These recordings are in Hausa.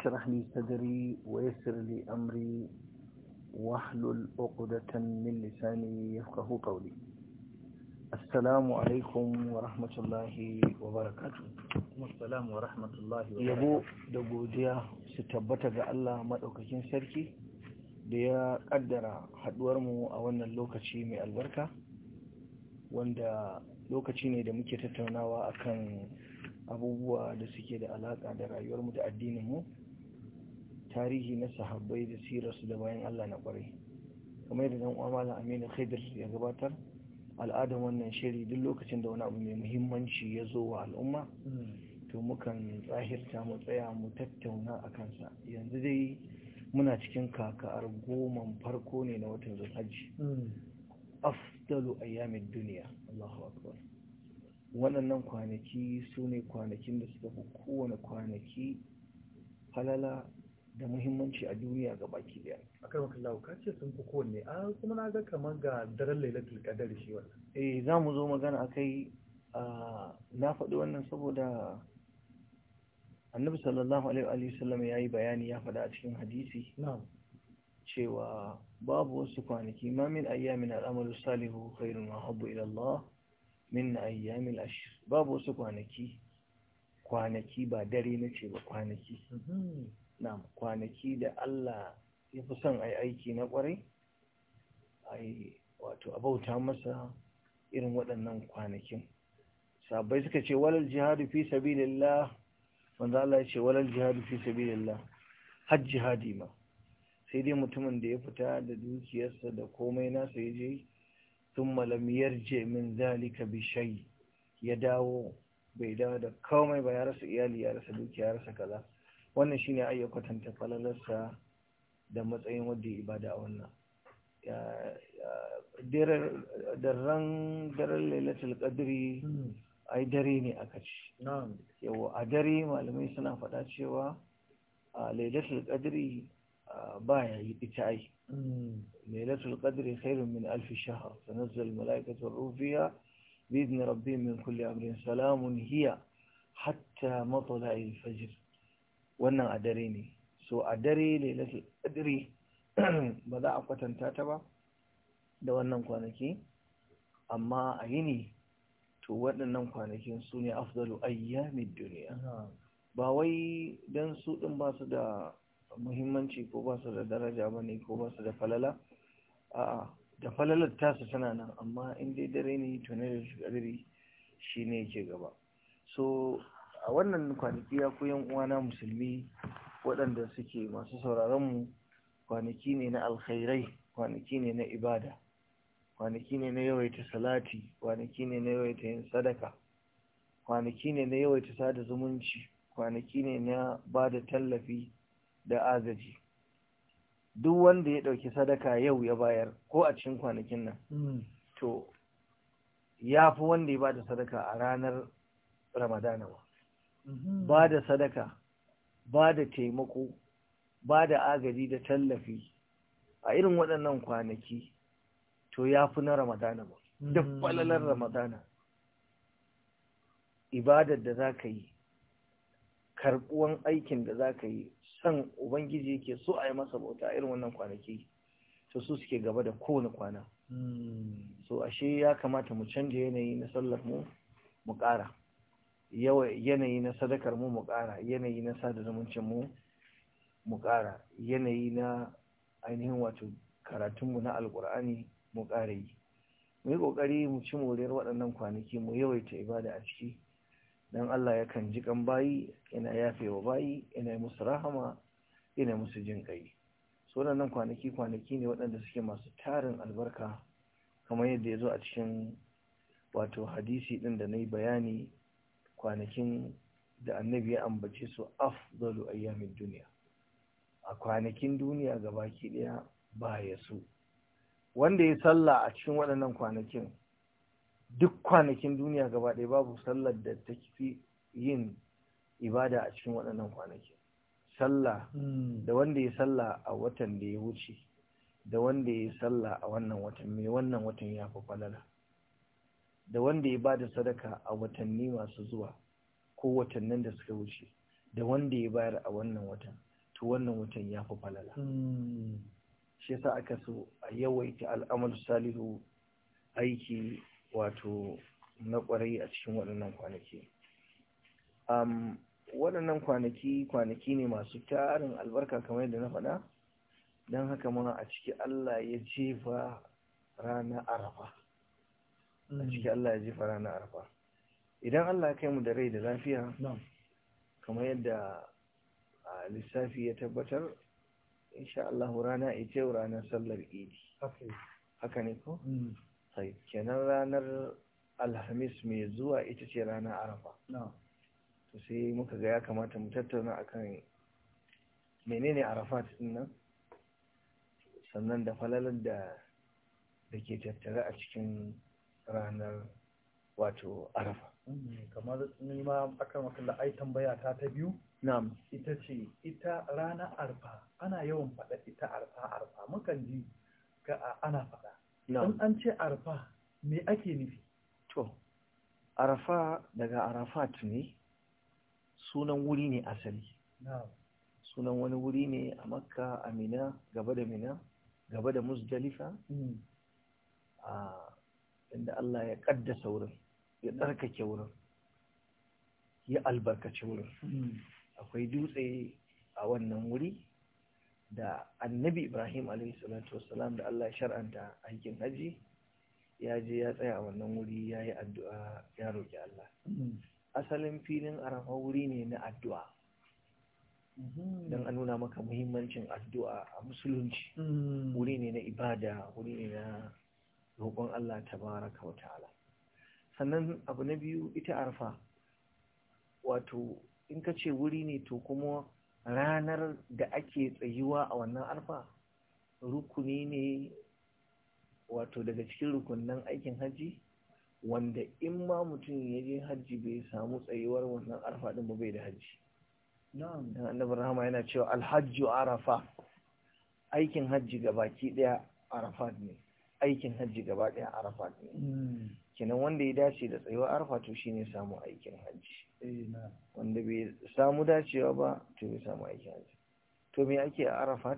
اشرح لي صدري ويسر لي أمري واحلل عقدة من لساني يفقه قولي السلام alaikum wa rahmatullahi wa barakatu assalamu wa rahmatullahi wa yabo da godiya su tabbata ga Allah maɗaukakin sarki da ya ƙaddara haɗuwarmu a wannan lokaci mai albarka wanda lokaci ne da muke tattaunawa kan abubuwa da suke da alaƙa da rayuwarmu da addininmu tarihi na sahabbai da sirarsu da bayan Allah na kwarai kamar yadda dan uwa Aminu khidr ya gabatar al'adar wannan shiri duk lokacin da wani abu mai muhimmanci ya zo wa al'umma to mukan tsahirta mu tsaya mu tattauna a kansa yanzu dai muna cikin kaka'ar goman farko ne na watan zulhajji afdalu ayyamin duniya Allahu akbar waɗannan kwanaki sune kwanakin da suka fi kowane kwanaki halala da muhimmanci a duniya ga baki daya A akan wakallahu ka ce sun fi kowanne a kuma na ga kamar ga daren lailatul qadar shi wannan eh za mu zo magana akai na faɗi wannan saboda annabi sallallahu alaihi wa sallam ya yi bayani ya faɗa a cikin hadisi cewa babu wasu kwanaki ma min ayyamin al'amalu salihu khairun wa habbu ila Allah min ayyamin ashir babu wasu kwanaki kwanaki ba dare na ce ba kwanaki mhm. na kwanaki da Allah ya fi son ai aiki na kwarai ai wato abauta masa irin waɗannan kwanakin sabai suka ce walal jihadu fi sabilillah manzo Allah ya ce walal jihadu fi sabilillah har jihadi ma sai dai mutumin da ya fita da dukiyarsa da komai nasa ya je thumma lam yarji min zalika bi shay ya dawo bai dawo da komai ba ya rasa iyali ya rasa dukiya ya rasa kaza wannan ne ayya kwatanta falalarsa da matsayin wadda ibada a wannan daren daren lailatul a hmm. ai dare ne aka ci a dare malamai suna faɗa cewa a lailatul kadiri ba ya yi ita ai hmm. lailatul qadri khairun min alfi shaha shahr tanazzal mala'ikatar rufiya باذن ربهم من كل امر سلام هي حتى مطلع fajir wannan a dare ne so a dare lailatul qadri ba za a kwatanta ta ba da wannan kwanaki amma a yini to waɗannan kwanakin su ne afdalu duniya ba wai don su ɗin ba su da muhimmanci ko ba su da daraja ba ne ko ba su da falala a'a da falalar tasu tana nan amma in dai dare ne to ne da shi ne ke gaba so a wannan kwanaki ya ku yan uwana musulmi waɗanda suke masu sauraron mu kwanaki ne na alkhairai kwanaki ne na ibada kwanaki ne na yawaita salati kwanaki ne na yawaita yin sadaka kwanaki ne na yawaita sada zumunci kwanaki ne na ba da tallafi da agaji duk wanda ya ɗauki sadaka yau ya bayar ko a cikin kwanakin nan hmm. to ya fi wanda ya bada sadaka a ranar ramadana ba Mm-hmm. ba da sadaka ba da taimako ba da agaji da tallafi a irin waɗannan kwanaki to ya fi na ramadana ba da mm. falalar ramadana ibadar da za ka yi karɓuwan aikin da za ka yi san ubangiji yake so a yi masa bauta a irin wannan kwanaki to su suke gaba da kowane kwana mm. so ashe ya kamata mu canja yanayi na sallar mu mu ƙara yanayi na sadakar mu mu ƙara yanayi na sada zumuncin mu mu ƙara yanayi na ainihin wato karatunmu na alƙur'ani mu ƙara yi mu yi ƙoƙari mu ci moriyar waɗannan kwanaki mu yawaita ibada a ciki don Allah ya kan ji kan bayi ina yafewa bayi ina musu rahama ina musu jin kai so waɗannan kwanaki kwanaki ne waɗanda suke masu tarin albarka kamar yadda ya zo a cikin wato hadisi ɗin da na yi bayani kwanakin da annabi ya ambace su afdalu ayyamin duniya a kwanakin duniya baki daya ba ya so wanda ya salla a cikin waɗannan kwanakin duk kwanakin duniya gaba ɗaya babu sallar da ta fi yin ibada a cikin waɗannan kwanakin sallah hmm. da wanda ya salla a watan da ya wuce da wanda ya salla a wannan watan mai wannan watan ya fi falala da wanda ya ba da sadaka a watanni masu zuwa ko watannin da suka wuce da wanda ya bayar a wannan watan to wannan watan ya fi falala hmm. shi yasa aka so a yawaita al'amal salihu aiki wato na kwarai a cikin waɗannan kwanaki waɗannan kwanaki kwanaki ne masu tarin albarka kamar yadda na faɗa don haka ma a ciki Allah ya jefa rana arafa a mm. ciki Allah ya jefa ranar arfa idan Allah ya kai mu da rai da lafiya kamar yadda a lissafi ya tabbatar insha Allah rana ita ranar sallar idi haka ne ko sai mm. kenan ranar alhamis mai zuwa ita ce ranar arafa to sai muka ga ya kamata mu tattauna akan menene arafat din nan sannan da falalar da da ke tattare a cikin ranar wato arafa kamar nima maka wakil ai tambaya ta ta biyu na'am ita ce ita rana arfa ana yawan faɗa ita arfa arfa mukan ji ka ana faɗa in an ce arfa me ake nufi to arfa daga arafat ne sunan wuri ne asali sunan wani wuri ne a makka a mina gaba da mina gaba da musdalifa mm. a ah, inda Allah ya kaddasa wurin ya tsarkake wurin ya albarkaci wurin akwai dutse a wannan wuri da annabi ibrahim wasalam da Allah ya shar'anta aikin haji ya je ya tsaya a wannan wuri ya yi addu'a ya roƙi Allah asalin filin arafa wuri ne na addu'a don a nuna maka muhimmancin addu'a a musulunci wuri ne na ibada wuri ne na roƙon Allah tabaraka wa ta'ala sannan abu na biyu ita arfa wato in ka ce wuri ne to kuma ranar da ake tsayuwa a wannan arfa rukuni ne wato daga cikin rukunan aikin hajji wanda in ma mutum ya je hajji bai samu tsayuwar wannan arfa din ba bai da hajji dan annabar rahama yana cewa alhajju arafa aikin hajji ga baki daya arafat ne aikin hajji gaba ɗaya arafa ne hmm. kenan wanda ya dace da tsayuwa arafa to shine samu aikin hajji eh, wanda bai samu dacewa ba to bai samu aikin hajji to me ake a arafa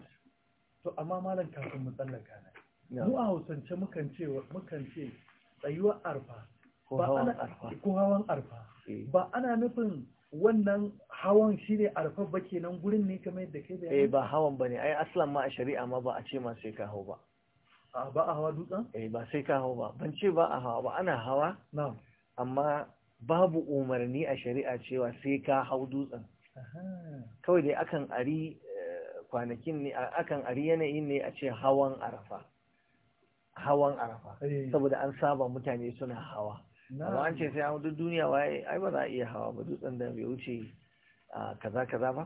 to amma malam kafin mu tsallaka na mu a hausance mukan ce mukan ce tsayuwar arfa ba ana ko hawan arfa eh. ba ana nufin wannan hawan shi ne arfa ba kenan gurin ne kamar yadda kai bayani eh ba hawan bane ai aslan ma a shari'a ma ba a ce ma sai ka hau ba a ba a hawa dutsen eh ba sai ka hawa ba ban ce ba a hawa ba ana hawa na'am amma babu umarni a shari'a cewa sai ka hau dutsen kawai dai akan ari eh, kwanakin ne akan ari yanayin ne a ce hawan arafa hawan arafa eh. saboda an saba mutane suna hawa amma an ce sai an duk duniya waye ai ba za a iya hawa ba dutsen da bai wuce ah, kaza kaza ba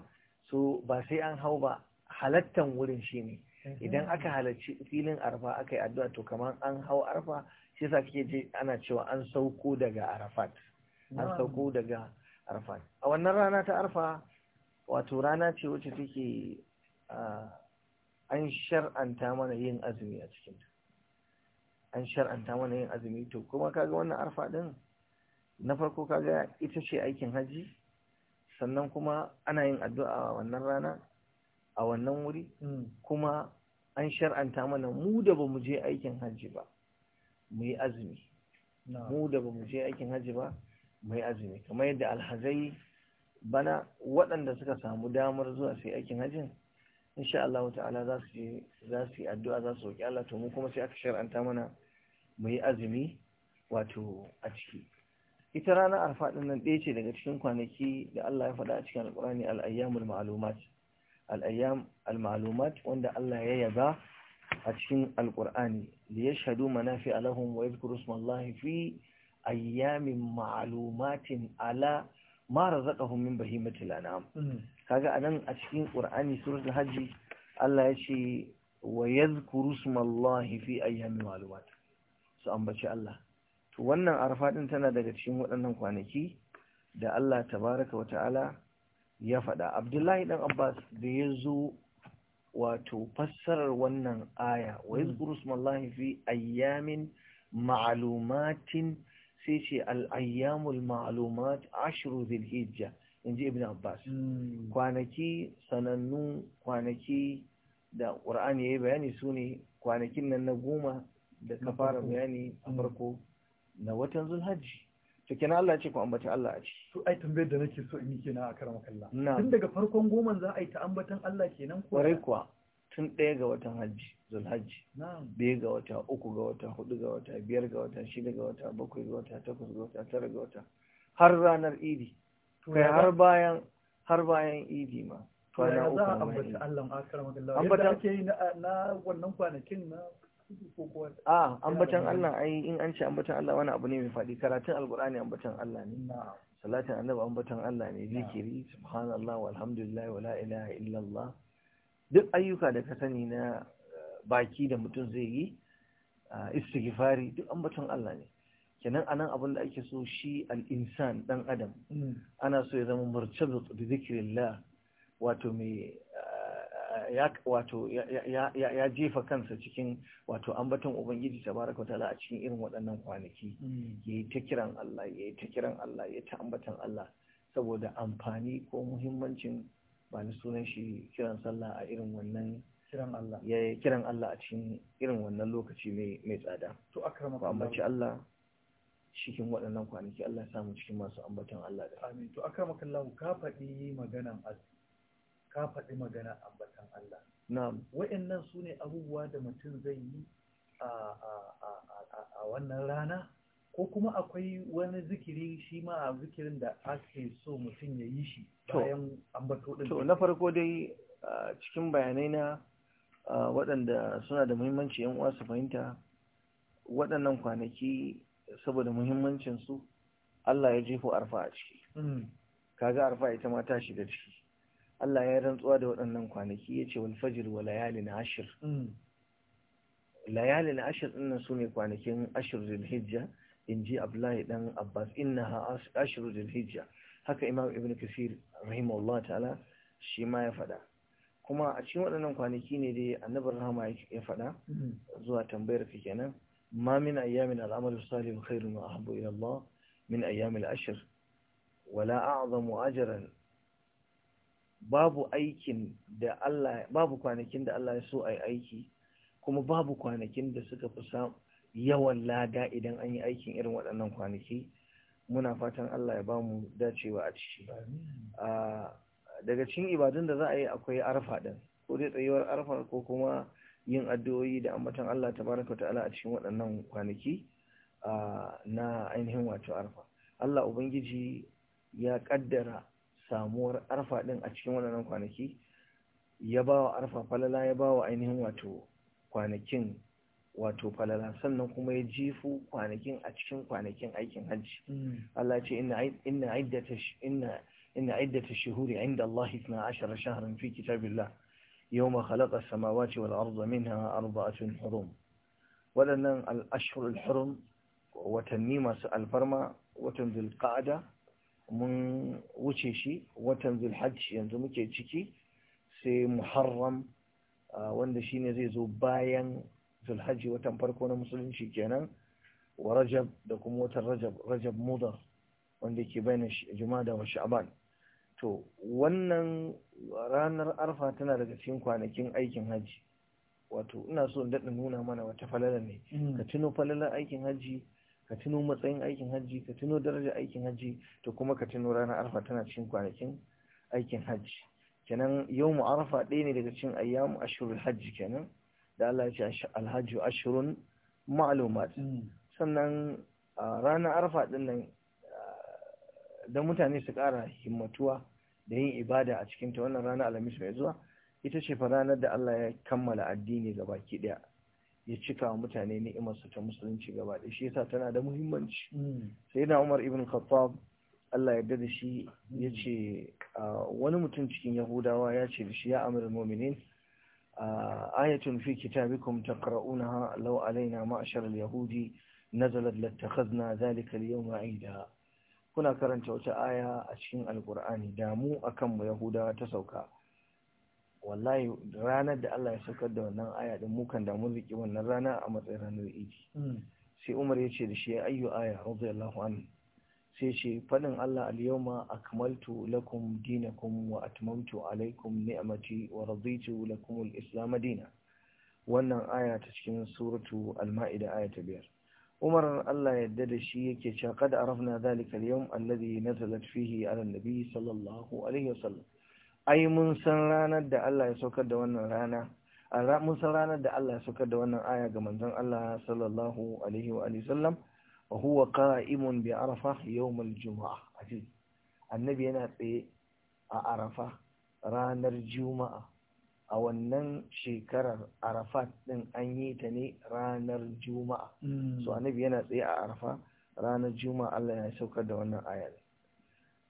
so ba sai an hau ba halattan wurin shine idan mhm. aka halarci filin arfa aka yi addu'a to kamar an hau arfa shi yasa kake je ana cewa an sauko daga arafat an sauko daga arafat a wannan rana ta arfa wato rana ce wacce take an shar'anta mana yin azumi a ta an shar'anta mana yin azumi to kuma kaga wannan arfa din na farko kaga ita ce aikin hajji sannan kuma ana yin addu'a wannan rana a wannan wuri kuma an shar'anta mana mu da ba mu je aikin hajji ba mu yi azumi mu da ba mu je aikin hajji ba mu yi azumi kamar yadda alhazai bana waɗanda suka samu damar zuwa sai aikin hajjin insha Allah ta'ala za su je za su yi addu'a za su roƙi Allah to mu kuma sai aka shar'anta mana mu yi azumi wato a ciki ita ranar arfa ɗin nan ɗaya ce daga cikin kwanaki da Allah ya faɗa a cikin alƙur'ani al-ayyamul ma'lumat al'ayyam al wanda Allah ya yaga a cikin alƙur'ani da ya shaɗu manafi alahun wa yadda Allahi fi ayyamin ma'lumatin ala mara zaƙahun min bahimatul anam kaga anan a cikin ƙur'ani suratul hajji Allah ya ce wa yadhkuru fi ayyamin ma'lumat su ambaci Allah to wannan arfa tana daga cikin waɗannan kwanaki da Allah tabaraka wa ta'ala ya faɗa abdullahi ɗan abbas da ya zo wato fassarar wannan aya wa hmm. yazkuru smallahi fi ayyamin ma'lumatin sai ce al'ayyamul Ashiru ashru in inji ibn abbas hmm. kwanaki sanannu kwanaki da ya yi bayani sune kwanakin nan na goma da ka fara bayani a hmm. farko na watan zulhajji to kenan Allah ce ku ambaci Allah a ciki to ai tambayar da nake so in yi kenan a karama kalla tun daga farkon goman za a yi ta ambatan Allah kenan ko kwarai kuwa tun ɗaya ga watan hajji zulhajji biyu ga wata uku ga wata hudu ga wata biyar ga wata shida ga wata bakwai ga wata takwas ga wata tara ga wata har ranar idi kai har bayan har bayan idi ma kwana uku ambata Allah a karama kalla yadda ake yi na wannan kwanakin na a ambatan Allah ai in an ce ambatan Allah wani abu ne mai faɗi karatun alkur'ani ambatan Allah ne salatin annabi ambatan Allah ne zikiri subhanallah walhamdulillahi wala ilaha illallah duk ayyuka da ka sani na eh, baki da mutum zai yi eh, istighfari duk ambatan Allah ne kenan anan abin da ake so shi al-insan dan adam mm. ana so ya zama murtabit bi zikrillah wato mai eh, ya wato ya jefa kansa cikin wato ambaton ubangiji tabaraka ta a cikin irin waɗannan kwanaki hmm. yayi ta kiran Allah yayi ta kiran Allah yayi ta ambatan Allah saboda amfani ko muhimmancin ba ni sunan shi kiran sallah a irin wannan kiran Allah ya kiran Allah a cikin irin wannan lokaci mai tsada to akramaka ambaci Allah cikin waɗannan kwanaki Allah ya samu cikin masu ambaton Allah da amin to akramaka Allah ka faɗi maganan azumi ka faɗi magana ambatan Allah na'am wa'annan su ne abubuwa da mutum zai yi a wannan rana ko kuma akwai wani zikiri shi ma a zikirin da ake so mutum ya yi shi bayan ambato ɗin to na farko dai cikin bayanai na waɗanda suna da muhimmanci yan uwa fahimta waɗannan kwanaki saboda muhimmancinsu, Allah ya jefo arfa a ciki mm. kaga arfa ita ma ta shiga ciki Allah ya rantsuwa da waɗannan kwanaki ya ce walfajir wa na ashir mm. na ashir ɗinnan su ne kwanakin ashir zulhijja in ji abdullahi ɗan abbas inna ashir hijja, haka imam ibn kasir rahimahullah ta'ala shi ma ya faɗa kuma a cikin waɗannan kwanaki ne dai annabi rahama ya faɗa mm. zuwa tambayar ka kenan ma min ayyamin al'amalu salihu khairun wa ahabbu ila Allah min ayyamil ashir wala a'zamu ajran babu aikin da Allah babu kwanakin da Allah ya so a aiki kuma babu kwanakin da suka fi yawan lada idan an yi aikin irin waɗannan kwanaki muna fatan Allah ya bamu dacewa a ciki daga cikin ibadun da za a yi akwai arfa ɗin ko dai tsayuwar arfa ko kuma yin addu'o'i da ambaton Allah tabaraka ta'ala a cikin waɗannan kwanaki na ainihin wato arfa Allah ubangiji ya ƙaddara. samuwar arfa din a cikin waɗannan kwanaki ya ba wa arfa falala ya ba wa ainihin wato kwanakin wato falala sannan kuma ya jifu kwanakin a cikin kwanakin aikin hajji hmm. Allah ce inna iddata inna inna iddata shuhuri inda Allah 12 shahran fi kitabillah yawma khalaqa as-samawati wal arda minha arba'atun hurum wadannan al-ashhurul hurum watanni masu alfarma watan dhulqa'da mun wuce shi watan zulhajj yanzu muke ciki sai muharram wanda shine zai zo bayan zulhajji watan farko na musulunci kenan wa rajab da kuma watan rajab rajab mudar wanda ke bayan jumada wa sha'ban to wannan ranar arfa tana daga cikin kwanakin aikin hajji wato ina so in daɗa nuna mana wata falala ne hmm. ka tuno falalar aikin hajji ka tuno matsayin aikin hajji ka tuno darajar aikin hajji to kuma ka tuno ranar arfa tana cikin kwanakin aikin hajji kenan yau mu arfa ɗaya ne daga cikin ayyam ashurul hajji kenan da Allah ya ce alhajju ashurun ma'lumat hmm. sannan ranar arfa din nan da mutane su ƙara himmatuwa da yin ibada a cikin ta wannan rana alhamis mai zuwa ita ce fa ranar da Allah ya kammala addini gabaki ɗaya ya cika wa mutane ni'imarsa ta musulunci gaba da shi yasa tana da muhimmanci hmm. sai na umar ibn khattab Allah yarda da shi ya ce wani mutum cikin yahudawa ya ce da shi ya amir mominin ayatun fi kitabikum taqra'unaha lau alaina ma'shar yahudi nazalat lattakhadna zalika al-yawma 'ida kuna karanta wata aya a cikin alqur'ani da mu akan mu yahudawa ta sauka wallahi ranar da Allah ya saukar da wannan aya din mukan da mun riki wannan rana a matsayin ranar idi hmm. sai Umar ya ce da shi ayyu aya radiyallahu anhu sai ce fadin Allah al-yawma akmaltu lakum dinakum wa atmamtu alaykum ni'mati wa raditu lakum al-islam dinan wannan aya ta cikin suratu al-ma'ida aya ta biyar Umar Allah yadda da shi yake cewa kad arafna zalika al-yawm alladhi nazalat fihi ala an-nabi sallallahu alaihi wasallam ai mun san ranar da Allah ya saukar da wannan rana mun san ranar da Allah ya saukar da wannan aya ga manzon Allah sallallahu alaihi wa alihi sallam wa huwa qa'imun bi arafa yawm al-jum'a aji annabi yana tsaye a arafa ranar juma'a a wannan shekarar arafat din an yi ta ne ranar juma'a hmm. so annabi yana tsaye a arafa ranar juma'a Allah ya saukar da wannan aya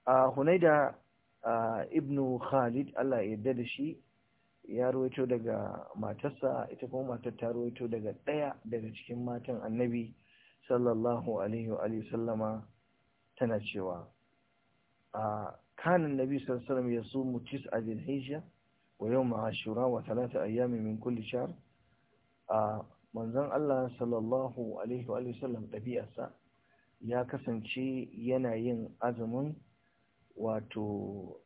a hunaida ibnu khalid Allah ya yarda da shi ya rawaito daga matarsa ita kuma matar ta rawaito daga ɗaya daga cikin matan annabi sallallahu alaihi wa sallama tana cewa a kanan nabi sallallahu ya su mutis a zilhijja wa yau ma'ashura wa talata ayyami min kulli shar a manzon Allah sallallahu alaihi wa sallam ɗabi'arsa ya kasance yana yin azumin wato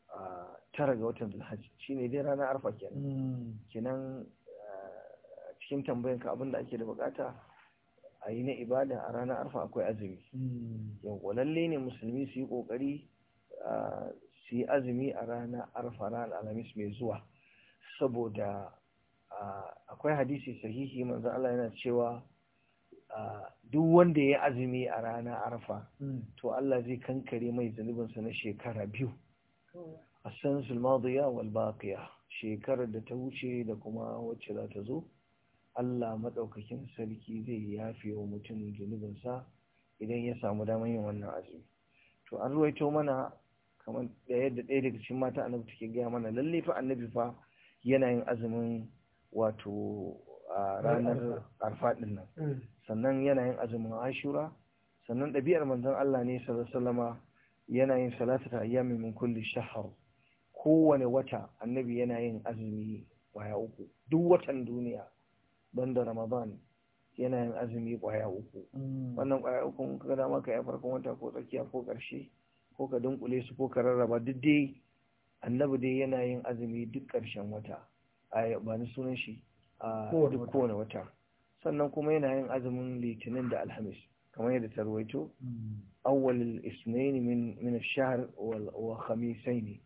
tara ga watan Zulhaji shi ne dai ranar arfa kenan hmm. kenan cikin tambayan ka abin da ake da bukata a yi na ibada a ranar arfa akwai azumi hmm. yau ne musulmi su yi kokari su yi azumi a ranar arfa ranar alhamis mai zuwa saboda akwai hadisi sahihi manzo Allah yana cewa duk wanda ya azumi a rana arfa hmm. to Allah zai kankare mai zunubinsa na shekara biyu a san sulmadiya wal baqiya shekarar da ta wuce da kuma wacce za ta zo Allah madaukakin sarki zai yafe wa mutum zunubinsa idan ya samu damar yin wannan azumi to an ruwaito mana kamar da yadda ɗaya daga cikin mata annabi take gaya mana lalle fa annabi fa yana yin azumin wato ranar arfa din nan mm. sannan yanayin azumin ashura sannan ɗabi'ar manzon Allah ne sallallahu yanayin salatata ayyami min kulli shahr kowane wata annabi yana yin azumi kwaya uku duk watan duniya banda ramadan yana yin azumi kwaya uku mm. wannan kwaya uku ka dama ka yi farkon wata ko tsakiya ko ƙarshe ko ka dunkule su ko ka rarraba duk dai annabi dai yana yin azumi duk karshen wata a ba ni sunan shi a duk kowane wata sannan kuma yana yin azumin litinin da alhamis kamar yadda ta ruwaito hmm. awwalul isnain min min ash-shahr wa khamisain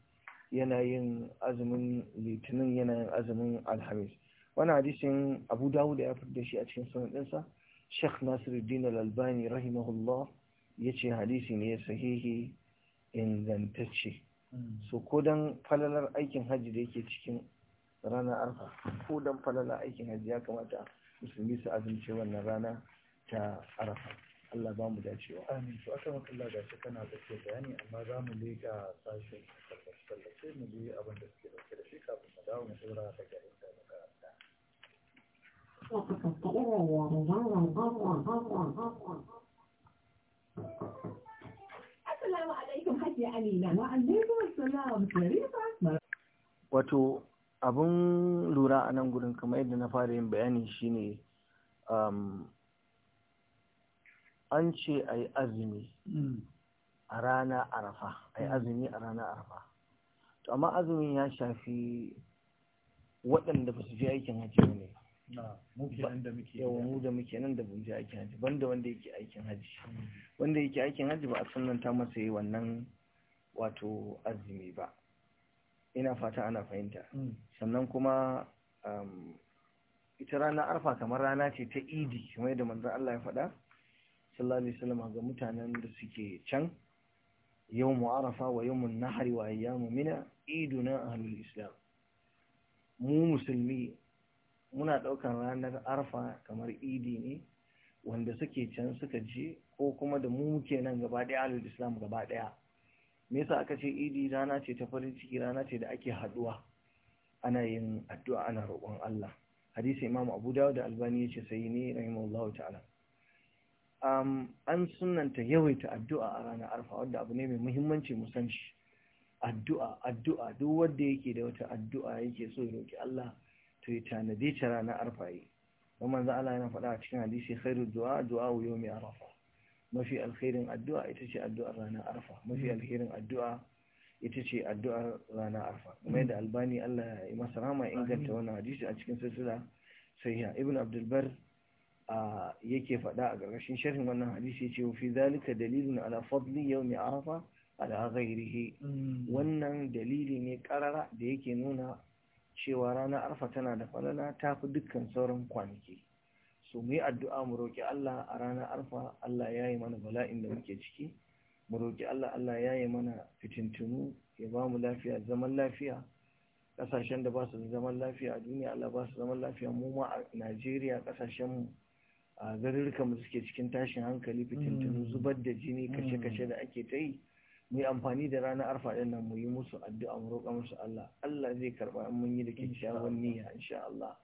yana yin azumin litinin yana yin azumin alhamis wani hadisin Abu Dawud ya fitar da shi a cikin sunan dinsa Sheikh Nasiruddin Al-Albani rahimahullah yace hadisi ne sahihi ingantacce hmm. so ko dan falalar aikin hajji da yake cikin rana arfa ko dan falala aikin hajji ya kamata musulmi su azumce wannan rana ta arafa Allah ba mu dacewa amin to aka maka Allah gashi kana da ke bayani amma za mu leka sashen tallace mu je abin da suke dauke da shi kafin mu dawo mu dora daga inda muka rasa Assalamu alaikum Hajiya Amina wa alaikum assalam Sharifa Wato abun lura a nan gudun kamar yadda na fara yin bayani shine um, an ce a yi azumi hmm. a rana arafa a yi hmm. azumi a rana arafa to amma azumin ya shafi waɗanda ba su je aikin hajji ba ne yawa mu da muke nan da ba je aikin haji banda wanda yake aikin haji, hmm. wanda yake aikin haji ba a sannan ta masa yi wannan wato azumi ba ina fata ana fahimta mm. sannan kuma um, ita rana arfa kamar rana ce ta idi kamar yadda manzan Allah ya faɗa sallallahu alaihi wasallam ga mutanen da suke can yawmu arafa wa yawmun nahri wa ayyamu mina iduna ahlul islam mu musulmi muna ɗaukar ranar arfa kamar idi ne wanda suke can suka je ko kuma da mu muke nan gaba ɗaya ahlul islam gaba ɗaya me yasa aka ce idi rana ce ta farin ciki rana ce da ake haduwa ana yin addu'a ana roƙon Allah hadisi Imam Abu Dawud da Albani ya ce sai ne rahimahullahu ta'ala um an sunnanta yawaita addu'a a ranar Arfa wanda abu ne mai muhimmanci mu san shi addu'a addu'a duk wanda yake da wata addu'a yake so ya roki Allah to ya tanade ta ranar Arfa yi kuma manzo Allah yana faɗa a cikin hadisi khairu du'a du'a yawmi Arfa mafi alkhairin addu'a ita ce addu'ar ranar arfa mafi hmm. alkhairin addu'a ita ce addu'ar rana arfa kuma yadda hmm. albani Allah ya masa rama inganta wannan hadisi a cikin silsila ya ibn abdulbar yake faɗa a ƙarƙashin sharhin wannan hadisi ce wa fi zalika dalilun ala fadli yawmi arfa ala ghairihi hmm. wannan dalili ne karara da yake nuna cewa rana arfa tana da falala ta fi dukkan sauran kwanaki so mu yi addu'a mu roƙi Allah a ranar arfa Allah ya yi mana bala'in da muke ciki mu roƙi Allah Allah ya yi mana fitintunu ya ba mu lafiya zaman lafiya ƙasashen da ba su zaman lafiya a duniya Allah ba su zaman lafiya mu ma a Najeriya kasashen mu a garurrukan mu suke cikin tashin hankali fitintunu mm. zubar da jini mm. kashe-kashe da ake ta yi mu yi amfani da ranar arfa ɗin nan mu yi musu addu'a mu roƙa musu Allah Allah zai karɓa in mun yi da kyakkyawan niyya insha Allah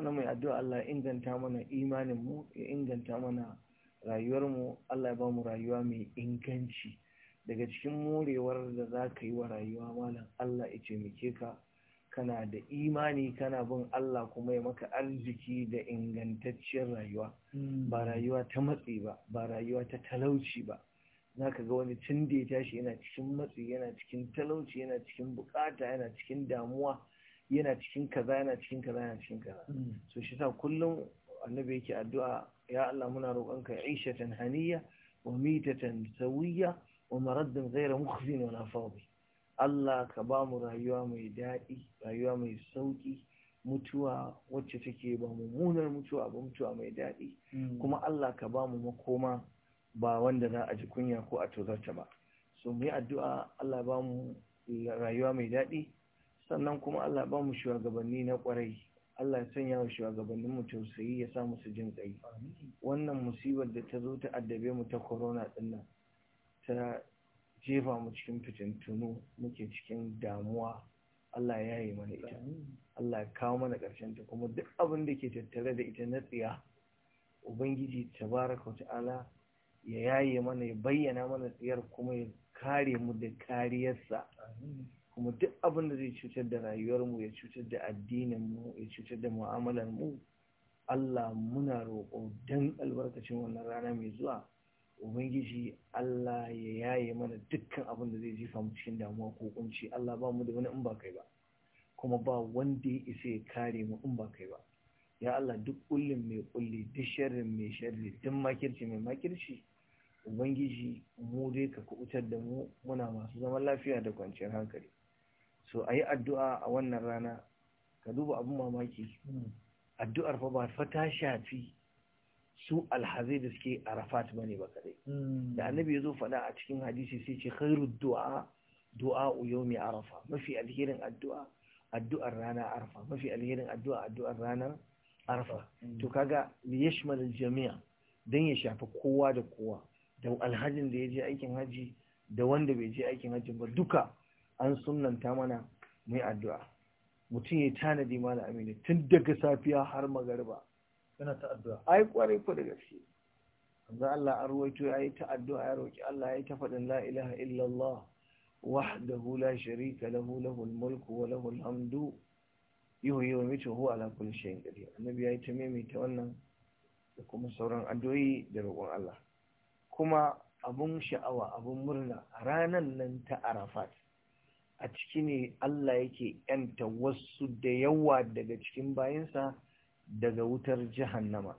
muna mai addu'a Allah inganta mana imaninmu ya inganta mana rayuwarmu Allah ya ba mu rayuwa mai inganci daga cikin morewar da za ka yi wa rayuwa malam Allah ya taimake ka kana da imani kana bin Allah kuma ya maka arziki da ingantacciyar rayuwa hmm. ba rayuwa ta matsi ba ba rayuwa ta talauci ba za ka ga wani tun da ya tashi yana cikin matsi yana cikin talauci yana cikin bukata yana cikin damuwa yana cikin kaza yana cikin kaza yana cikin kaza mm. so shi sa kullum annabi yake addu'a ya Allah muna roƙonka ishatan haniya wa tan sawiya wa maraddan ghayra mukhzin wa nafadi Allah ka ba mu rayuwa mai daɗi rayuwa mai sauki mutuwa wacce take ba mummunar mutuwa ba mutuwa mai daɗi mm. kuma Allah ka ba mu makoma ba wanda za a ji kunya ko a tozarta ba so mu yi addu'a Allah ba mu rayuwa mai daɗi sannan kuma Allah ba mu shugabanni na kwarai Allah ya sanya wa shugabannin mu tausayi ya sa musu jin kai wannan musibar da ta zo ta addabe mu ta corona din nan ta jefa mu cikin fitintunu muke cikin damuwa Allah ya yi mana ita Allah ya kawo mana ƙarshen ta kuma duk abin da ke tattare da ita na tsiya ubangiji tabaraka wa ta'ala ya yaye mana ya bayyana mana tsiyar kuma ya kare mu da kariyarsa kuma duk abin da zai cutar da rayuwarmu ya cutar da addininmu ya cutar da mu'amalarmu Allah muna roƙo don albarkacin wannan rana mai zuwa ubangiji Allah ya yaye mana dukkan abin da zai jefa mu cikin damuwa ko kunci Allah ba mu da wani in ba kai ba kuma ba wanda ya isa ya kare mu in ba kai ba ya Allah duk kullum mai kulli duk sharrin mai sharri duk makirci mai makirci ubangiji mu dai ka kubutar da mu muna masu zaman lafiya da kwanciyar hankali so a yi addu'a a wannan rana ka duba abin mamaki hmm. addu'ar fa ba fa ta shafi su alhazai da suke arafat ba ne ba kaɗai hmm. da annabi ya zo faɗa a cikin hadisi sai ce khairu du'a du'a yawmi arafa mafi alherin addu'a addu'ar rana arafa mafi alherin addu'a addu'ar ranar arafa hmm. to kaga li yashmal jami'a dan ya shafi kowa da kowa da alhajin da ya je aikin haji da wanda bai je aikin hajji ba duka an sunnanta mana mai addu'a mutum ya tanadi mana aminu tun daga safiya har magariba yana ta addu'a ai kwarai ku da gaske za Allah an ruwaito ya yi ta addu'a ya roƙi Allah ya yi ta faɗin la ilaha illallah wahdahu la sharika lahu lahul mulku wa lahul hamdu yuhyi wa yumiitu huwa ala kulli shay'in gari. annabi ya yi ta maimaita wannan da kuma sauran addu'o'i da roƙon Allah kuma abun sha'awa abun murna a ranan nan ta Arafat a ciki ne Allah yake ‘yanta wasu da yawa daga cikin bayansa daga wutar nama.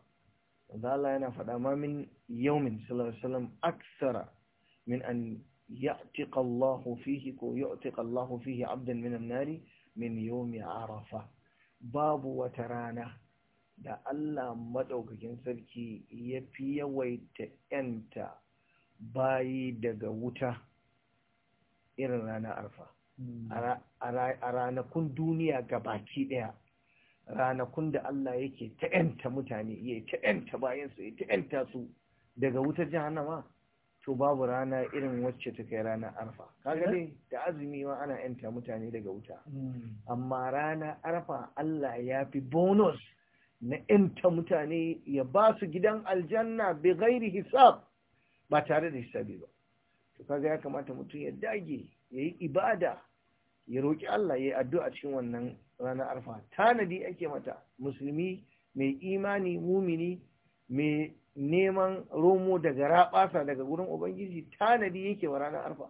Zala yana faɗa ma min yaumin salam aksara min an ya'tiƙa Allah fihi ko ya'tiƙa Allah fihi abdan min nari min yaumi arafa. Babu wata rana da Allah maɗaukakin sarki ya fi yawaita ‘yanta bayi daga wuta irin rana arfa. a ranakun duniya ga baki daya ranakun da Allah yake ta'yanta mutane ya ta'yanta bayansu ya ta'yanta su daga wutar jahannama to babu rana irin wacce ta kai rana arfa kaga dai da azumi ma ana yanta mutane daga wuta hmm. amma rana arfa Allah ya fi bonus na yanta mutane ya ba su gidan aljanna bi ghairi hisab ba tare da hisabi ba to kaga ya kamata mutum ya dage ya yi ibada ya roƙi Allah ya yi addu'a cikin wannan ranar arfa tanadi ake mata musulmi mai imani mumini mai neman romo daga raɓasa daga gurin ubangiji tanadi yake wa ranar arfa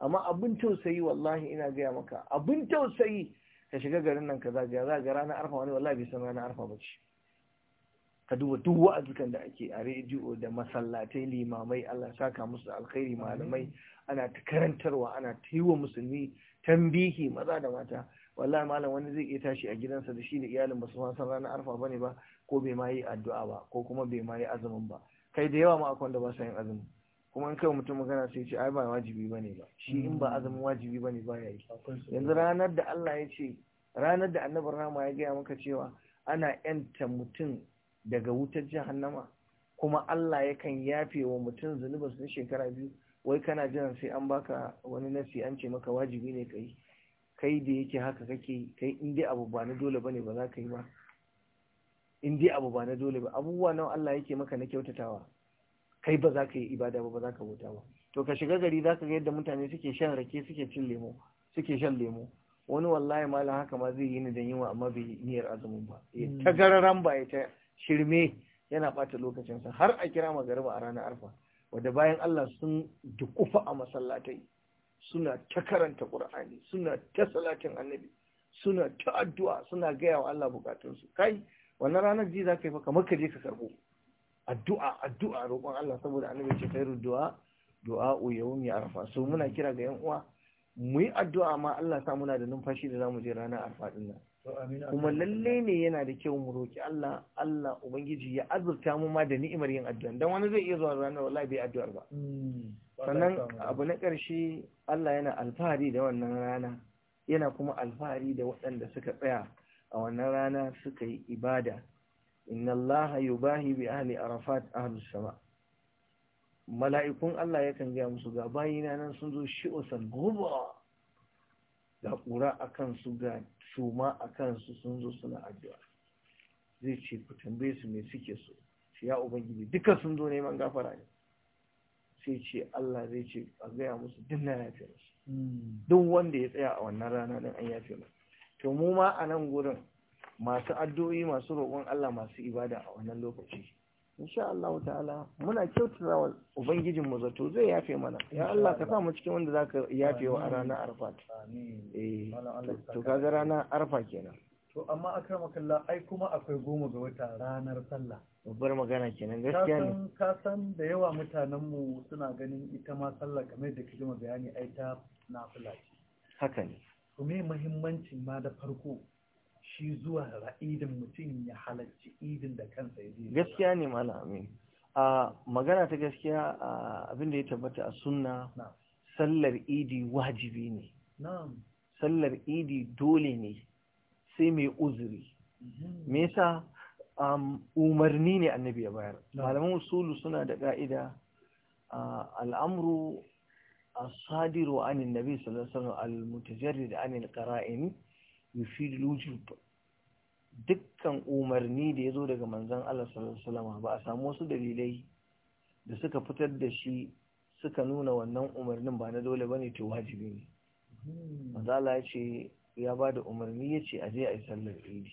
amma abin tausayi wallahi ina gaya maka abin tausayi ka shiga garin nan ka zagaya za ga ranar arfa wani wallahi bai san ranar arfa ba ce ka duba duk wa'azukan da ake a rediyo da masallatai limamai Allah saka musu alkhairi malamai ana ta karantarwa ana ta yi wa musulmi tambihi maza da mata wallahi malam wani zai iya tashi a gidansa da shi da iyalin basu su san ranar arfa bane ba ko bai ma yi addu'a ba ko kuma bai ma yi azumin ba kai da yawa ma akwai wanda ba sa yin azumi kuma in kai mutum magana sai ce ai ba wajibi bane ba shi in ba azumin wajibi bane ba ya yanzu ranar da Allah ya ce ranar da annabi rama ya gaya maka cewa ana yanta mutum daga wutar jahannama kuma Allah yakan yafe wa mutum zunubinsa na shekara biyu wai kana jiran sai an baka wani nasi an ce maka wajibi ne kai kai da yake haka kake kai in dai abu ba na dole bane ba za ka yi ba in dai abu ba na dole ba abubuwa nawa Allah yake maka na kyautatawa kai ba za ka yi ibada ba ba za ka bauta ba to ka shiga gari za ka ga yadda mutane suke shan rake suke cin lemo suke shan lemo wani wallahi malam haka ma zai yi ni da yunwa amma bai niyyar azumin ba hmm. ta gararan ba ya ta shirme yana ɓata lokacinsa har a kira magariba a ranar arfa wadda bayan Allah sun dukufa a masallatai suna ta karanta ƙur'ani suna ta salatin annabi suna ta addu'a suna gaya wa Allah bukatunsu kai wannan ranar ji za ka yi fa kamar ka je ka karɓo addu'a addu'a roƙon Allah saboda annabi ce kai du'a du'a u yawmi arfa so muna kira ga yan uwa mu yi addu'a ma Allah sa muna da numfashi da zamu je ranar arfa din nan kuma lalle ne yana da kyau mu roki Allah Allah ubangiji ya azurta mu ma da ni'imar yin addu'a dan wani zai iya zuwa ranar wallahi bai addu'ar ba hmm. sannan abu na ƙarshe Allah yana alfahari da wannan rana yana kuma alfahari da waɗanda suka tsaya a wannan rana suka yi ibada inna Allah yubahi bi ahli arafat ahlus sama mala'ikun Allah yakan ga musu ga bayina nan sun zo shi'usan gubra ga ƙura akan su ga su ma a kansu sun zo suna addu'a zai ce ku tambaye su me suke so shi ya ubangiji duka sun zo neman gafara ne sai ce Allah zai ce a gaya musu duk na yafe musu hmm. duk wanda ya tsaya a wannan rana din an yafe musu to mu ma a nan gurin masu addu'o'i masu roƙon Allah masu ibada a wannan lokaci insha Allah ta'ala muna kyautata wa ubangijin mu zato zai yafe mana ya Allah ka sa mu cikin wanda zaka yafe wa ranar arfa eh to kaga ranar arfa kenan to amma kalla, ai kuma akwai goma ga wata ranar sallah babbar magana kenan gaskiya ne ka san da yawa mutanen mu suna ganin ita ma sallah kamar da kike bayani ai ta nafila ce haka ne to me muhimmancin ma da farko shi zuwa idin mutum ya halarci idin da kansa ya gaskiya ne amin a magana ta gaskiya abin da ya tabbata a sunna sallar idi wajibi ne sallar idi dole ne sai mai uzuri mhm. me yasa umarni ne annabi ya bayar malaman usulu suna da ka'ida al'amru a sadiru anin nabi sallallahu alaihi wasallam al-mutajarrid anil qara'in yufid wujub dukkan umarni da ya zo daga manzan Allah sallallahu ba a samu wasu dalilai da suka fitar da shi suka nuna wannan umarnin ba na dole bane to wajibi ne manzo Allah ya ce ya ba da umarni ya ce aje a yi sallar idi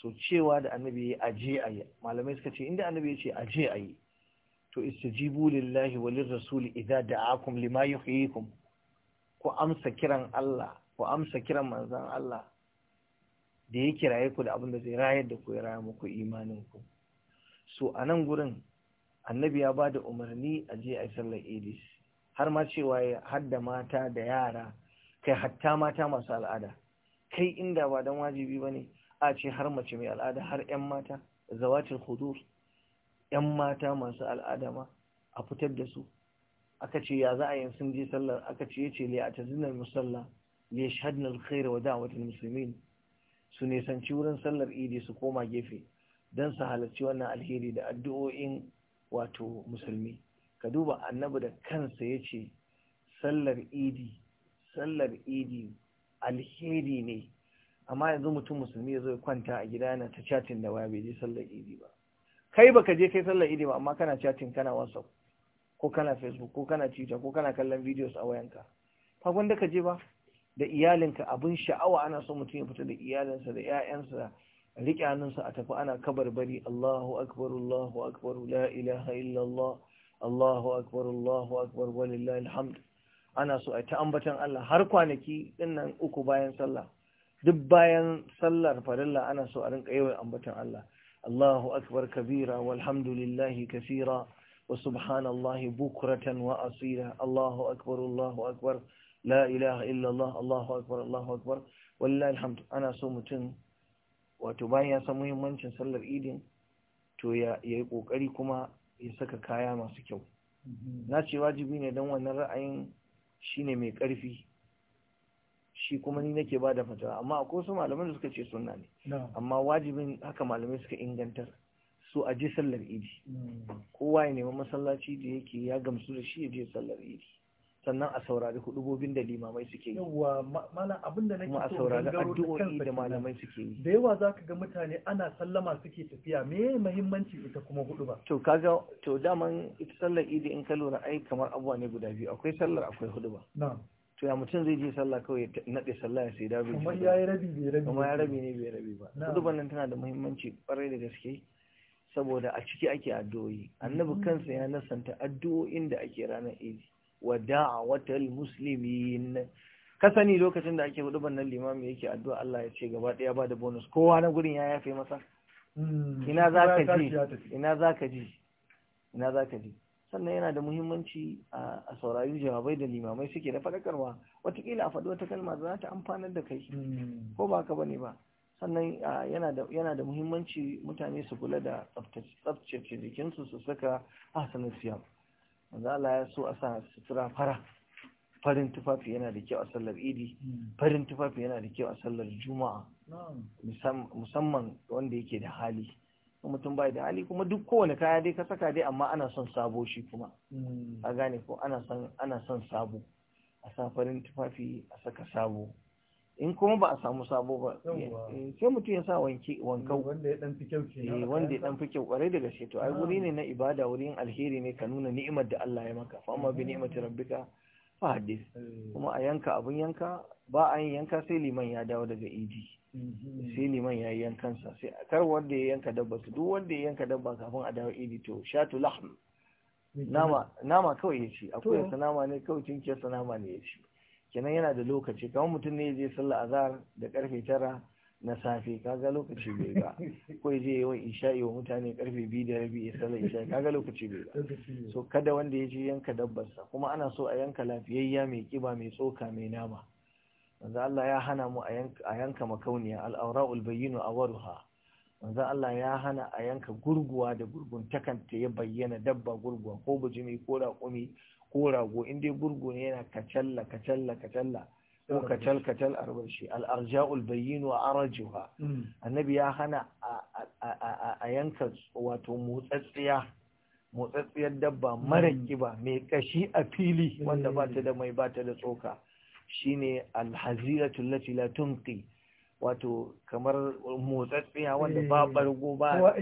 so cewa da annabi ya aje a yi malamai suka ce inda annabi ya ce aje a yi to istajibu lillahi wa lirrasuli idza da'akum lima yuhyikum ku amsa kiran Allah ku amsa kiran manzon Allah da ya kiraye ku da abin da zai rayar da ku ya raya muku imanin ku so a nan gurin annabi ya ba da umarni a je a sallar idis har ma cewa ya hadda mata da yara kai hatta mata masu al'ada kai inda ba dan wajibi ba ne a ce har mace mai al'ada har 'yan mata zawatul hudur 'yan mata masu al'ada ma a fitar da su aka ce ya za a yin sun je sallar aka ce ya ce li a tazinar musalla li yashhadna alkhair wa da'watul muslimin su nisanci wurin sallar idi su koma gefe don su halarci wannan alheri da addu'o'in wato musulmi ka duba annabi da kansa ya ce sallar idi sallar idi alheri ne amma yanzu mutum musulmi ya zo ya kwanta a gida yana ta chatin da waya bai je sallar idi ba kai baka je kai sallar idi ba amma kana chatin kana whatsapp ko kana facebook ko kana twitter ko kana kallon videos a wayanka fa gwanda ka je ba da iyalinka abin sha'awa ana so mutum ya fita da iyalinsa da 'ya'yansa riƙe hannunsa a tafi ana kabar bari Allahu akbar Allahu akbar la ilaha illallah Allahu akbar Allahu akbar walillahi alhamd ana so a ta ambatan Allah har kwanaki dinnan uku bayan sallah duk bayan sallar farilla ana so a rinka yawan ambatan Allah Allahu akbar kabira walhamdulillahi kaseera wa subhanallahi bukratan wa asira Allahu akbar Allahu akbar la ilaha illallah Allahu akbar Allahu akbar wallahi alhamd ana so mutum wato bayan ya san muhimmancin sallar idin to ya yi kokari kuma ya saka kaya masu kyau mm-hmm. na ce wajibi ne don wannan ra'ayin shine mai karfi shi kuma ni nake ba da fatawa amma akwai wasu malaman da suka ce sunna ne amma wajibin haka malamai suka ingantar su a je sallar idi mm. kowa ya nemi masallaci da yake ya gamsu da shi ya je sallar idi sannan a saurari hudubobin da limamai suke yi Yawwa mana abin da nake so saurari addu'o'i da malamai suke yi da yawa za ka ga mutane ana sallama suke tafiya me muhimmanci ita kuma hudu ba to kaga to daman ita sallar idi in ka lura ai kamar abuwa ne guda biyu akwai sallar akwai hudu ba na'am to ya mutum zai je sallah kawai ya nade sallah ya sai da bai kuma ya rabi bai rabi kuma ya rabi ne bai rabi ba hudu nan tana da muhimmanci ƙwarai da gaske saboda a ciki ake addu'o'i annabi mm-hmm. kansa ya nasanta addu'o'in da ake ranar idi wa da'awatal muslimin ka sani lokacin da ake huduban nan limami yake addu'a Allah ya ce gaba ɗaya ba da bonus kowa na gurin ya yafe masa hmm, ina za ji ina za ji ina zaka ji sannan yana da muhimmanci a saurari jawabai da limamai suke na faɗakarwa watakila a faɗi wata kalma za ta amfanar da kai hmm. ko ba ka bane ba sannan yana da muhimmanci mutane su kula da tsaftace jikinsu su saka ahsanin siyam manzala ya so a sa sutura fara farin tufafi yana da kyau a sallar idi hmm. farin tufafi yana da kyau a sallar juma'a musamman wanda yake da hali mutum bai da hali kuma duk kowane kaya dai ka saka dai amma ana son sabo shi kuma hmm. a gane ko ana son sabo a sa farin tufafi a saka sabo in kuma ba a samu sabo ba eh, eh, sai mutum ya sa wanke wankau mm, wanda ya dan fi kyau eh wanda ya dan fi kyau kwarai da gaske to ai ah. wuri ne na ibada wurin alheri ne ka nuna ni'imar da Allah ya maka fa amma bi ah. ni'mati rabbika fa hadis eh. kuma a yanka abun yanka ba a yin yanka sai liman ya dawo daga idi mm-hmm. sai liman ya yi yankansa sai kar wanda ya yanka dabba su duk wanda ya yanka dabba kafin a dawo idi to shatu lahm nama nama kawai ya ci akwai sanama ne kawai cinkiyar sanama ne ya ci kenan yana da lokaci kamar mutum ne zai sallah azhar da karfe tara na safe kaga lokaci bai ba ko yi yawan isha'i wa mutane karfe biyu da rabi ya sallar isha'i kaga lokaci bai ba so kada wanda ya je yanka dabbarsa kuma ana so a yanka lafiyayya mai kiba mai tsoka mai nama manzo Allah ya hana mu a yanka makauniya al ulbayinu bayyinu waruha manzo Allah ya hana a yanka gurguwa da gurgun takanta ya bayyana dabba gurguwa ko bujimi ko raƙumi ko rago in dai gurgu ne yana kacalla kacalla kacalla ko kacal kacal a rubar shi al'arja'ul bayyinu a arajuha hmm. annabi ya hana a yanka wato motsatsiya motsatsiyar dabba hmm. mara kiba mai kashi a fili wanda ba ta da hmm. mai ba ta da tsoka shine alhaziratu lati la tunqi wato kamar motsatsiya wanda ba eh. bargo ba kowa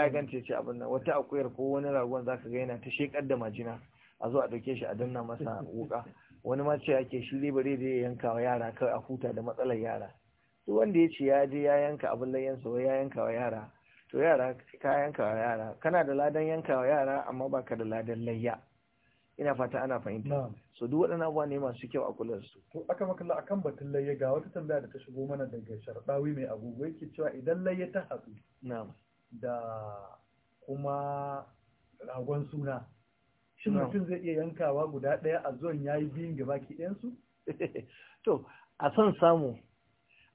ya ganta ce abin nan wata akuyar ko wani ragon zaka ga yana ta shekar da majina a zo a ɗauke shi a danna masa wuka wani ma ce ake shi bare da ya yanka wa yara kai a huta da matsalar yara duk wanda ya ce ya je ya yanka abin layyansa wai ya yanka wa yara to yara ka yanka wa yara kana da ladan yanka wa yara amma baka da ladan layya ina fata ana fahimta so duk waɗannan abubuwa ne masu kyau a kula su to aka makalla akan batun layya ga wata tambaya da ta shigo mana daga sharɗawi mai agogo yake cewa idan layya ta hatsu da kuma ragon suna shin mutum zai iya yankawa guda ɗaya a zuwan ya yi biyun gaba ki ɗansu? to a son samu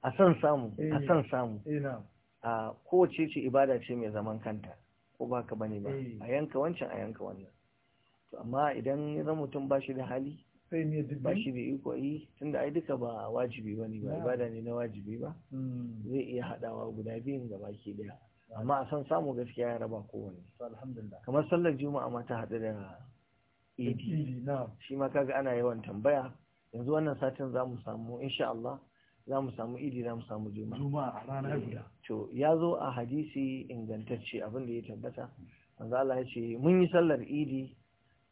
a son samu a eh, son samu eh, a kowace ce ibada ce mai zaman kanta ko ba ka bane ba eh. a yanka wancan a yanka wannan to amma idan ya mutum ba shi da hali ba shi da iko yi tunda ai duka ba wajibi ba ne ba ibada ne na wajibi ba hmm. zai iya haɗawa guda biyun gaba ki ɗaya amma a son samu gaskiya ya raba kowanne kamar sallar juma'a ma ta haɗu da shima shi ma kaga ana yawan tambaya yanzu wannan satin za mu samu insha Allah za mu samu idi za mu samu juma'a a rana guda to ya zo a hadisi ingantacce abin da ya tabbata manzo Allah ya ce mun yi sallar idi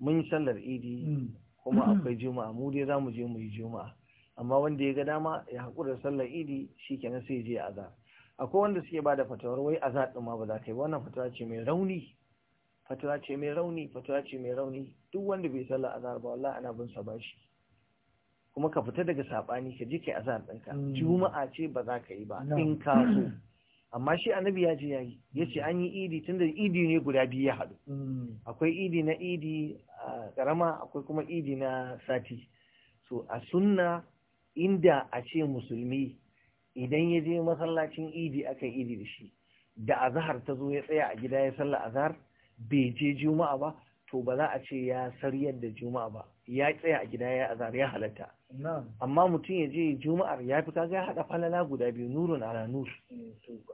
mun yi sallar idi hmm. kuma akwai juma'a mu dai za mu je mu yi juma'a amma wanda ya ga dama ya haƙura sallar idi shikenan sai je azar akwai wanda suke bada fatawar wai azar din ma ba za ka yi wannan fatawa ce mai rauni Fatuwa ce mai rauni Fatuwa ce mai rauni duk wanda bai sallar azhar ba wallahi ana bin sa bashi kuma ka fita daga sabani ka je kai azhar ɗinka mm. juma'a ce ba za ka yi ba in ka so mm. amma shi annabi ya ji yayi yace an yi idi tunda idi ne guda biyu ya hadu. Mm. akwai idi na idi karama akwai kuma idi na sati so a sunna inda a ce musulmi idan ya je masallacin idi aka idi da shi da azhar ta zo ya tsaya a gida ya sallar azhar bai je juma'a ba to ba za a ce ya sariyar da juma'a ba ya tsaya a gida ya azar ya halatta amma mutum ya je juma'ar ya fi kaga ya haɗa falala guda biyu nurun ala nur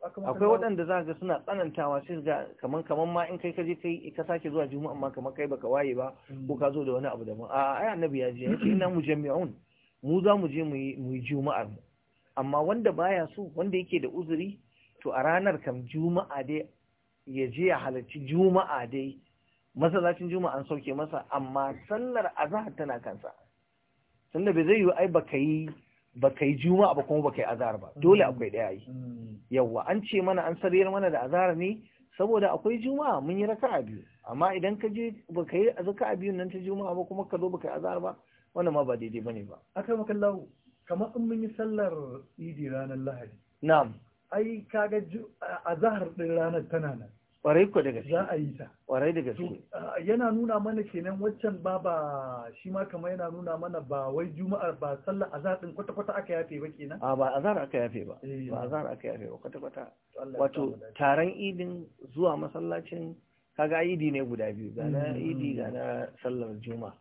akwai waɗanda za ga suna tsanantawa sai ga kaman kaman ma in kai ka je kai ka sake zuwa juma'a ma kaman kai baka waye ba mm. ko ka zo da wani abu daban a ai annabi ya je yace inna mujammi'un mu za mu je mu yi juma'ar mu amma wanda baya so wanda yake da uzuri to a ranar kam juma'a dai ya je ya halarci juma'a dai masallacin juma'a an sauke masa amma sallar azahar tana kansa Sannan bai zai yi ai baka yi baka yi juma'a ba kuma baka yi azahar ba dole akwai daya yi mm. Yawwa an ce mana an sarriyar mana da azahar ne saboda akwai juma'a mun yi raka'a biyu amma idan ka je baka yi raka'a biyun nan ta juma'a ba kuma ka zo baka yi azahar ba wannan ma ba daidai ba ne ba akai makallahu kamar in mun yi sallar idi ranar lahadi na'am ai kaga zahar din ranar tana nan kwarai ko daga za a yi ta kwarai daga gaske yana nuna mana kenan waccan ba ba shi ma kamar yana nuna mana ba wai juma'ar ba a azhar din kwata kwata aka yafe ba kenan a ba azhar aka yafe ba eh. ba azhar aka yafe ba kwata kwata wato taron idin zuwa masallacin kaga idi ne guda biyu ga na mm. idi ga na sallar juma'a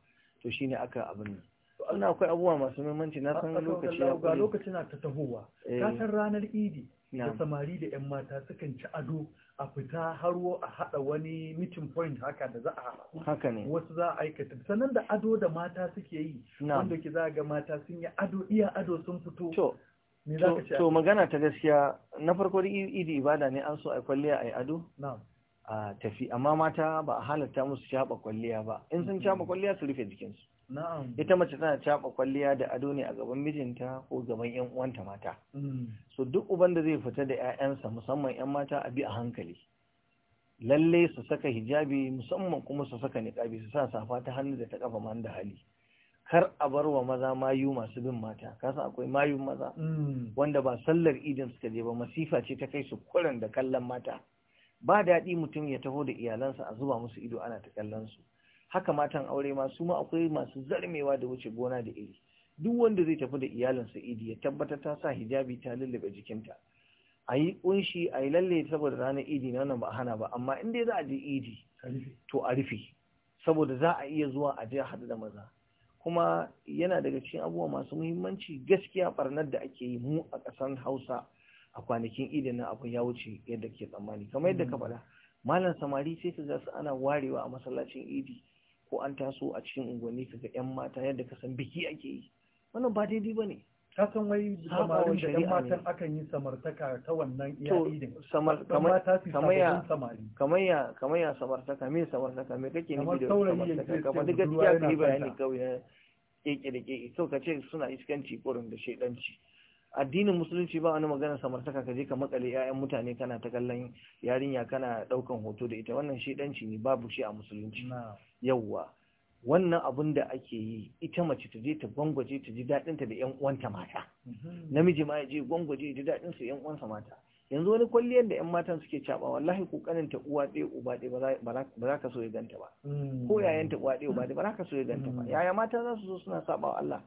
to shine aka abin nan Allah akwai abubuwa masu muhimmanci na san lokaci ya ga lokacin na ta tahowa eh. ka san ranar idi da samari da 'yan mata sukan ci ado a fita haro a haɗa wani meeting point haka da za a haka ne wasu za a aikata sannan da ado da mata suke yi wanda ke za ga mata sun yi ado iya ado sun fito to magana ta gaskiya na farko da idi ibada ne an so a kwalliya a yi ado a tafi amma mata ba a halatta musu shaɓa kwalliya ba in sun shaɓa kwalliya su rufe jikinsu ita mace tana caɓa kwalliya da ado ne a gaban mijinta ko gaban yan uwanta mata mm. so duk uban da zai fita da ƴaƴansa musamman yan mata a bi a hankali lalle su saka hijabi musamman kuma su saka niqabi su sa safa ta hannu da ta kafa man da hali kar a bar wa maza mayu masu bin mata kasa akwai mayu maza mm. wanda ba sallar idin suka je ba masifa ce ta kai su kuran da kallon mata ba daɗi mutum ya taho da iyalansa a zuba musu ido ana ta kallon su haka matan aure ma su ma akwai masu zarmewa da wuce gona da iri duk wanda zai tafi da iyalinsa idi ya tabbatar ta sa hijabi ta lullube jikinta a yi kunshi a yi lalle saboda ranar idi na wannan ba a hana ba amma in dai za a je idi to a rufe saboda za a iya zuwa a je haɗu da maza kuma yana daga cikin abubuwa masu muhimmanci gaskiya barnar da ake yi mu a ƙasar hausa a kwanakin idi na abu ya wuce yadda ke tsammani kamar yadda ka mm. faɗa malam samari sai ka ga su ana warewa a masallacin idi ko an taso a cikin unguwanni ga yan mata yadda ka san biki ake yi wannan ba daidai ne ka san wai samarin da yan matan akan yi samartaka ta wannan iyali din samar kamar kamar ya kamar ya kamar ya samartaka me samartaka me kake nufi da samartaka kamar da gaskiya kai bayani kawai keke da keke so ka ce suna iskanci kurin da shedanci addinin musulunci ba wani magana samartaka ka je ka makale ƴaƴan mutane kana ta kallon yarinya kana ɗaukan hoto da ita wannan shi ɗanci ne babu shi a musulunci yawwa wannan abun da ake yi ita mace ta je ta gwangwaje ta ji daɗinta da ƴan uwanta mata mm-hmm. namiji ma ya je gwangwaje ya ji daɗin su ƴan uwansa mata yanzu wani kwalliyar da 'yan matan suke caba wallahi kokarin ta uwa ɗaya uba ɗaya ba za ka so ya ganta ba ko yayan ta uwa ɗaya uba ɗaya ba za ka so ya ganta ba yaya mata za su zo suna saba wa Allah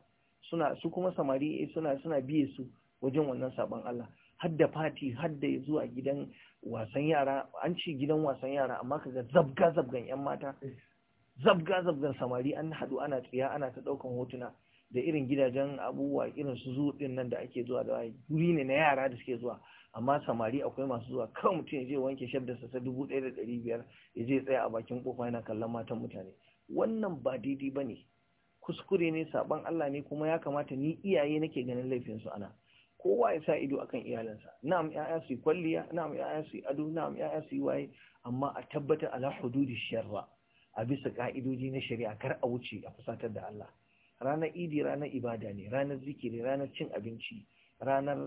suna su kuma samari eh, suna suna biye su wajen wannan sabon Allah hadda fati hadda zuwa gidan wasan yara an ci gidan wasan yara amma kaga zabga zabgan yan mata zabga zabgan samari an hadu ana tsiya ana ta daukan hotuna da irin gidajen abubuwa irin su zu din nan da ake zuwa da wuri ne na yara da suke zuwa amma samari akwai masu zuwa kan mutum ya je wanke shabdarsa ta dubu ɗaya da ɗari biyar ya je tsaya a bakin kofa yana kallon matan mutane wannan ba daidai ba ne kuskure ne saban Allah ne kuma ya kamata ni iyaye nake ganin laifin su ana kowa ya sa ido akan iyalansa na'am ya'ya su kwalliya na'am ya'ya su ado na'am ya'ya su waye amma a tabbata ala hududi sharra a bisa ka'idoji na shari'a kar a wuce a fusatar da Allah ranar idi ranar ibada ne ranar zikiri ranar cin abinci ranar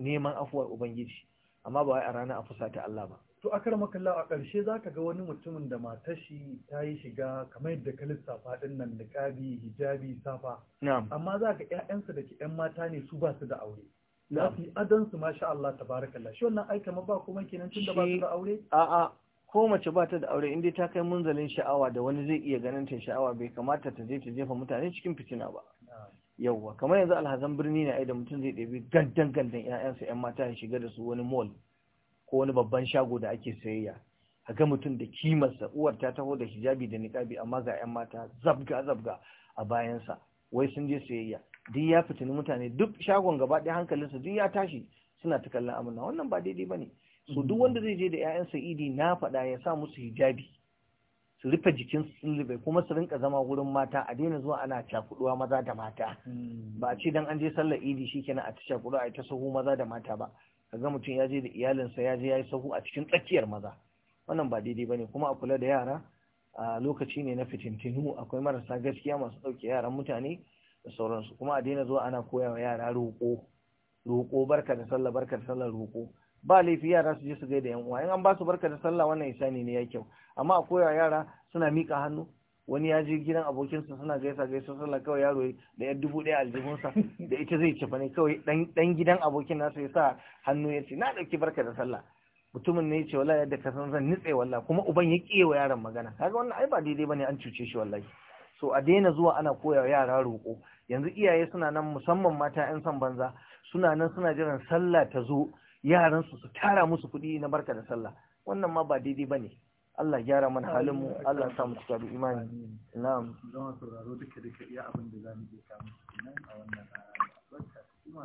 neman afuwar ubangiji amma ba wai a ranar a fusata Allah ba to a karama kalla a ƙarshe za ka ga wani mutumin da matashi ta yi shiga kamar yadda ka lissafa ɗin nan da ƙabi, hijabi safa amma za ka ƴaƴansu da ke ƴan mata ne su ba su da aure za su yi adon su masha Allah tabarakallah shi wannan ai kamar ba kuma kenan tun da ba su da aure a'a ko mace ba ta da aure dai ta kai munzalin sha'awa da wani zai iya ganin ta sha'awa bai kamata ta je ta jefa mutane cikin fitina ba yawwa kamar yanzu alhazan birni na ai da mutum zai ɗebi gandan gandan ƴaƴansa ƴan mata ya shiga da su wani mall ko wani babban shago da ake sayayya a ga mutum da kimarsa uwar ta taho da hijabi da niƙabi amma ga 'yan mata zabga zabga a bayansa wai sun je sayayya duk ya fitini mutane duk shagon gaba ɗaya hankalinsa duk ya tashi suna ta kallon amina wannan ba daidai bane so duk wanda zai je da 'ya'yansa idi na faɗa ya sa musu hijabi su rufe jikin sun rufe kuma su rinka zama wurin mata a daina zuwa ana cakuɗuwa maza da mata hmm. ba a ce dan an je sallar idi shikenan a ta cakuɗuwa a ta sahu maza da mata ba kaga mutum ya je da iyalinsa ya je ya yi sahu a cikin tsakiyar maza wannan ba daidai bane kuma a kula da yara a lokaci ne na fitintinu akwai marasa gaskiya masu ɗauke yaran mutane da sauransu kuma a daina zuwa ana koya wa yara roƙo roƙo barka da sallah barka da sallah roƙo ba laifi yara su je su gaida yan uwa in an ba su barka da sallah wannan isani ne ya kyau amma a koya yara suna miƙa hannu wani ya je gidan abokinsa suna gaisa gaisa sallah kawai yaro da yar dubu ɗaya aljihunsa da ita zai cefa ne kawai dan gidan abokin nasa ya sa hannu ya ce na ɗauki barka da sallah mutumin ne ya ce wallahi yadda ka san zan nitse wallahi kuma uban ya ƙiyewa yaron magana kaga wannan ai ba daidai bane an cuce shi wallahi so a daina zuwa ana koya wa yara roƙo yanzu iyaye suna nan musamman mata 'yan san banza suna nan suna jiran sallah ta zo yaransu su tara musu kuɗi na barka da sallah wannan ma ba daidai bane Allah gyara mana halin mu Allah sa mu cika da imani na'am zama sauraro duka duka iya abin da zamu je kamun a wannan